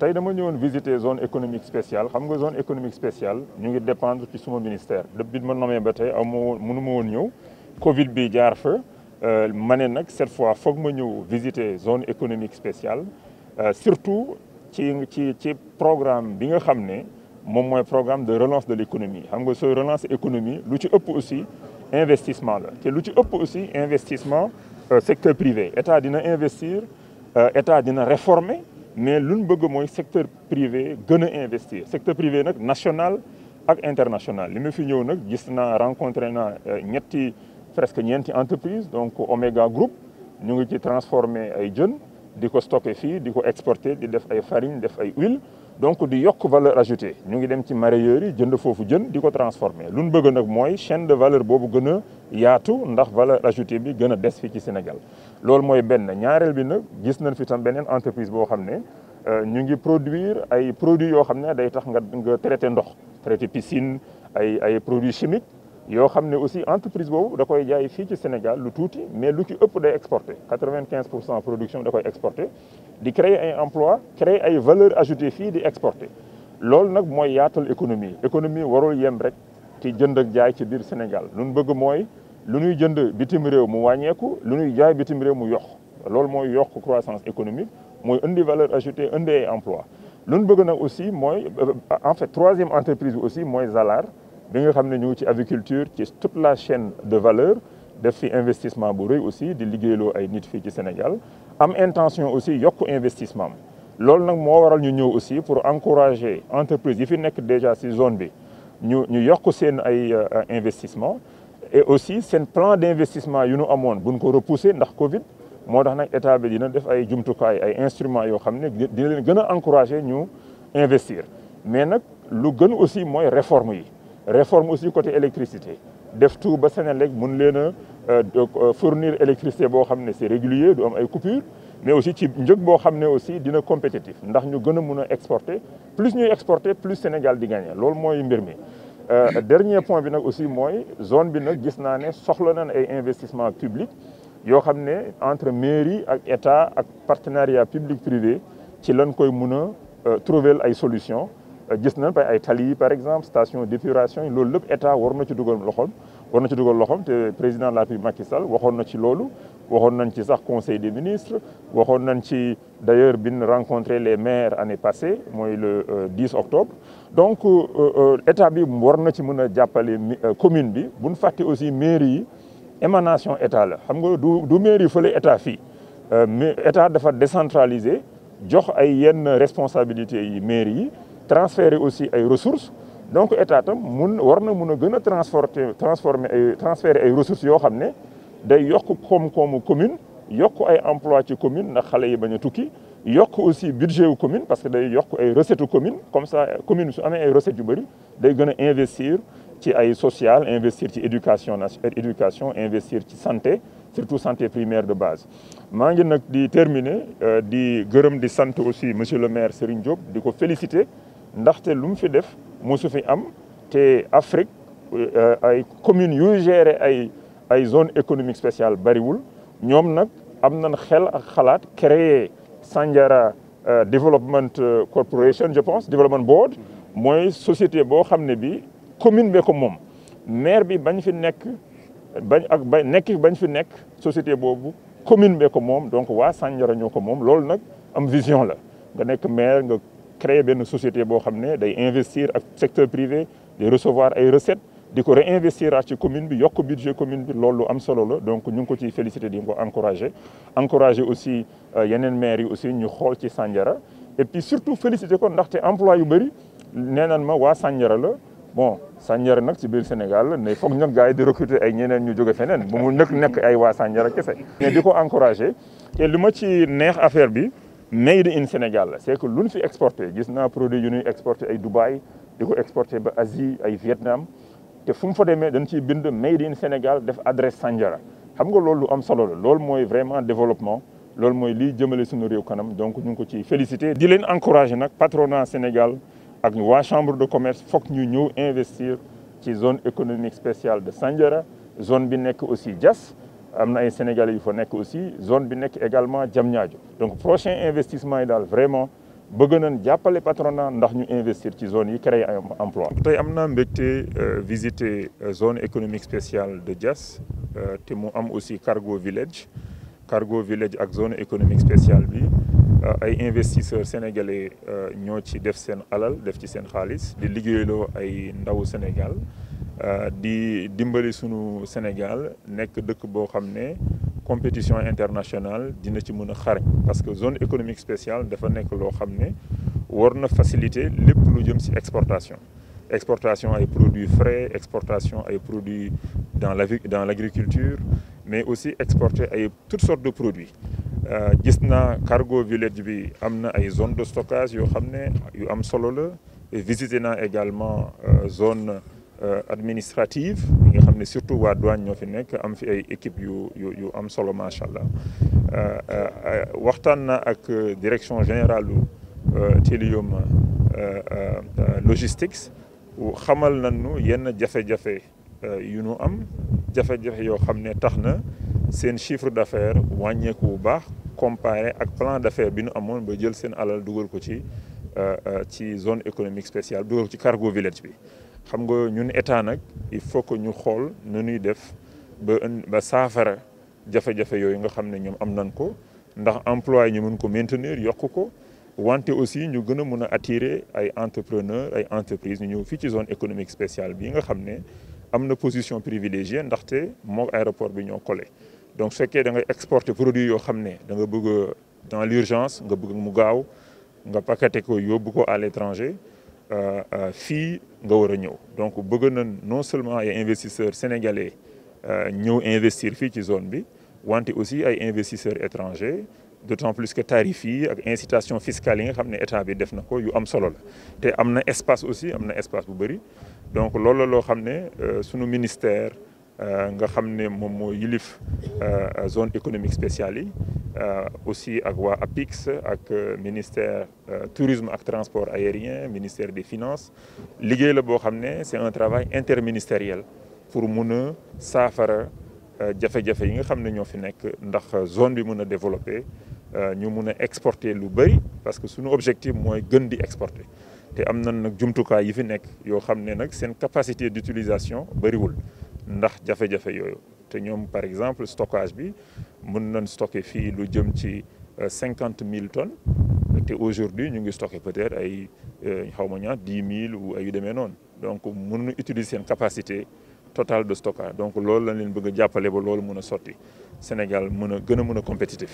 Tay dama ñëwoon visiter zone économique spéciale xam nga zone économique spéciale ñu ngi dépendre ci suma ministère depuis but ma nommé ba tey aw mënu ma ñëw Covid bi jaar fa euh, ma cette fois foog ma ñëw visiter zone économique spéciale euh, surtout ci ci ci programme bi nga xamné mom moy programme de relance de l'économie xam nga sooy relance économie lu ci ëpp aussi investissement la té lu ci ëpp aussi investissement euh, secteur privé état dina investir état dina réformer mais le secteur privé gën investir secteur privé national et international Nous avons rencontré une euh, presque entreprise donc Omega Group qui ngi transformé transformer jeunes, jën a stocké fii a exporter di def ay farine def huile donc du yok valeur ajoutée Nous ngi dem ci qui yi jënd fofu transformer nous bëgg chaîne de valeur bobu gëna a yaatu ndax valeur ajoutée bi a Sénégal lool moy est ñaarël bi nak gis nañ fi entreprise euh, produire produits yo xamné day tax nga piscine produits chimiques yoo xam aussi entreprise bobu da koy jaay fi ci Sénégal lu touti mais lu ci ëpp day exporter 95% production da koy exporter di créer un emploi créer ay valeur ajoutée fi di exporter loolu nak moy yaatal économie économie warul yem rek ci jënd ak jaay ci biir Sénégal lu bëgg moy lu ñuy jënd bitim réew mu wañéku lu ñuy jaay bitim réew mu yox loolu moy yox croissance économique moy indi valeur ajoutée indi emploi lu bëgg nag aussi moy euh, en fait troisième entreprise aussi moy Zalar nous nga dans l'agriculture, ñu toute la chaîne de valeur nous fi investissement bu aussi, aussi di liggéeyloo ay nit fii ci Sénégal am intention aussi l'intention investissement un investissement. nag nous waral ñu ñëw aussi pour encourager entreprises. yi fi sont déjà cette zone bi Nous ñu yokk seen euh, investissement et aussi un plan d'investissement yu nous avons buñ ko repousser ndax Covid Nous avons un état bi dina def ay instruments qui nous nous dina encourager ñu investir mais nous avons aussi mooy réforme réforme aussi côté électricité def tout ba Senelec euh, euh, fournir électricité l'électricité c'est régulier du coupures mais aussi ci njëg être compétitif Nous ñu exporter exporter plus nous exporter plus Sénégal di gagner loolu mooy mbir Le euh, dernier point bi que aussi moi, zone bi nag gis train né soxla ay investissement public entre mairie ak état ak partenariat public privé ci lañ koy trouver ay solutions. Euh, gis nañ ay tali yi par exemple station d'épuration yi loolu lépp état war na ci dugal loxom war na ci dugal loxom te président de la République Macky Sall waxoon na ci loolu waxoon nañ ci sax conseil des ministres waxoon nañ ci d'ailleurs bi rencontré les maires année passée mooy le 10 euh, octobre donc euh, état bi war na ci mën a jàppale commune bi bu ñu fàtte aussi mairie yi émanation état la xam nga du du mairie fële état fii mais état dafa décentralisé jox ay yenn responsabilités yi mairie yi transférer aussi ay ressources donc l'État tam mun transformer transférer ay ressources yoo xam ne day yokk koom-koomu commune yokk ay emploi commune ndax xale yi bañ a tukki des aussi budget wu commune parce que day a ay recettes commune comme ça commune su ont ay recettes yu bëri day investir ci ay social investir ci éducation éducation investir ci santé surtout santé primaire de base Je vais di terminer euh, di gërëm di aussi monsieur le maire Serigne Diop de féliciter ndaxte lu mu fi def mosu fi am te Afrique euh, ay commune yuy gérer ay ay zone économique spéciale bariwul ñoom nag am nañ xel ak xalaat créer sanjara euh, Development euh, Corporation je pense Development Board mooy société boo xam ne bi commune bee ko moom maire bi bañ fi nekk bañ ak ba nekk bañ fi nekk société boobu commune bee ko moom donc waa sanjara ñoo ko moom loolu nag am vision la nga nekk maire nga créer benn société boo xam day investir ak secteur privé de recevoir ay recettes di ko à ci commune bi yokk budget commune bi loolu am solo la donc ñu ngi ko ciy félicité di ko encouragé encouragé aussi euh, yeneen maires yi aussi ñu xool ci Sandiara et puis surtout félicité ko ndaxte emploi yu bëri nee nan ma waa Sandiara la bon Sandiara nag ci biir Sénégal la mais foog nag gars yi di recruter ay ñeneen ñu jóge feneen bu mu nag nekk ay waa Sandiara kese mais di ko encouragé te li ma ci neex affaire bi made in Sénégal cest que l'on fait fi exporté gis naa produit yu exportés exporté Dubaï à l'Asie exporté à Asie ay Vietnam Ce ce mu fa demee dañ made in Sénégal def adresse Sandiara xam nga loolu am solo la loolu vraiment développement C'est ce liy jëmale suñu réew kanam donc nous félicitons. ko féliciter, félicité. di patronat Sénégal ak la chambre de commerce faut ñu ñëw investir la zone économique spéciale de Sandiara zone qui est aussi Jass les sénégalais yu fa nekk aussi zone bi est également Diamniadio donc prochain investissement est dans vraiment bëgg nañ les patronat ndax investir ci zone yi créer un emploi tey am naa euh, visiter euh, zone économique spéciale de Diass euh, te mu am aussi cargo village cargo village ak zone économique spéciale bi ay investisseurs sénégalais ñoo ci def seen alal def ci seen xaalis di liggéeyloo ay Sénégal euh, di dimbali sunu Sénégal nek dëkk boo xam compétition internationale dina ci mën parce que zone économique spéciale dafa nekk loo xam ne war lépp exportation exportation ay produits frais exportation ay produits dans la dans l'agriculture mais aussi exporter ay toutes sortes de produits euh, gis naa cargo village bi am ay zone de stockage yoo xam yu am solo la visité également euh, zone euh, administrative surtout wa douane ñofi nek am fi ay équipe yu yu am solo euh, euh, direction générale euh, Telium logistics xamal nañu yenn jafé yu nu am jafé jafé yo xamné taxna chiffre d'affaires wàññeeku bu baax comparé ak plan d'affaires bi nu en ba jël sen alal dans ko zone économique spéciale dans le ci cargo village xam nga ñun état il faut que ñu xol nu ñuy def ba ba saafara nous jafé maintenir ko aussi attirer ay entrepreneurs ay entreprise ñu zone économique spéciale bi nga position privilégiée aéroport bi collé donc c'est da nga exporter produits dans l'urgence nga bëgg mu à l'étranger euh, euh donc bëgg non seulement les investisseurs sénégalais euh, ñëw investir dans ci zone bi wante aussi ay investisseurs étrangers d'autant plus que les tarifs ak incitation fiscale fiscales nga xam état bi def na un yu am solo la espace aussi am un espace bu bëri donc loolu la loo euh, ministère euh, nga xamné mom moom moo yilif euh, zone économique spéciale euh, aussi ak wa APIX ak ministère tourisme ak transport aérien ministère des finances liggéey la bo xamné c'est un travail interministériel pour mun safara jafé jafé yi nga xamné ño fi nek ndax zone bi mun a développer ñu mun exporter lu bëri parce que suñu objectif moy gën di exporter té amna nak jumtu ka yi fi nek yo xamné nak sen capacité d'utilisation wul nous avons par exemple stockage avons stocké 50 000 tonnes aujourd'hui nous avons stocké peut-être 10 000 euh, ou ay démé donc nous utilisons utiliser capacité totale de stockage donc ce que nous avons jappalé c'est que le Sénégal est compétitif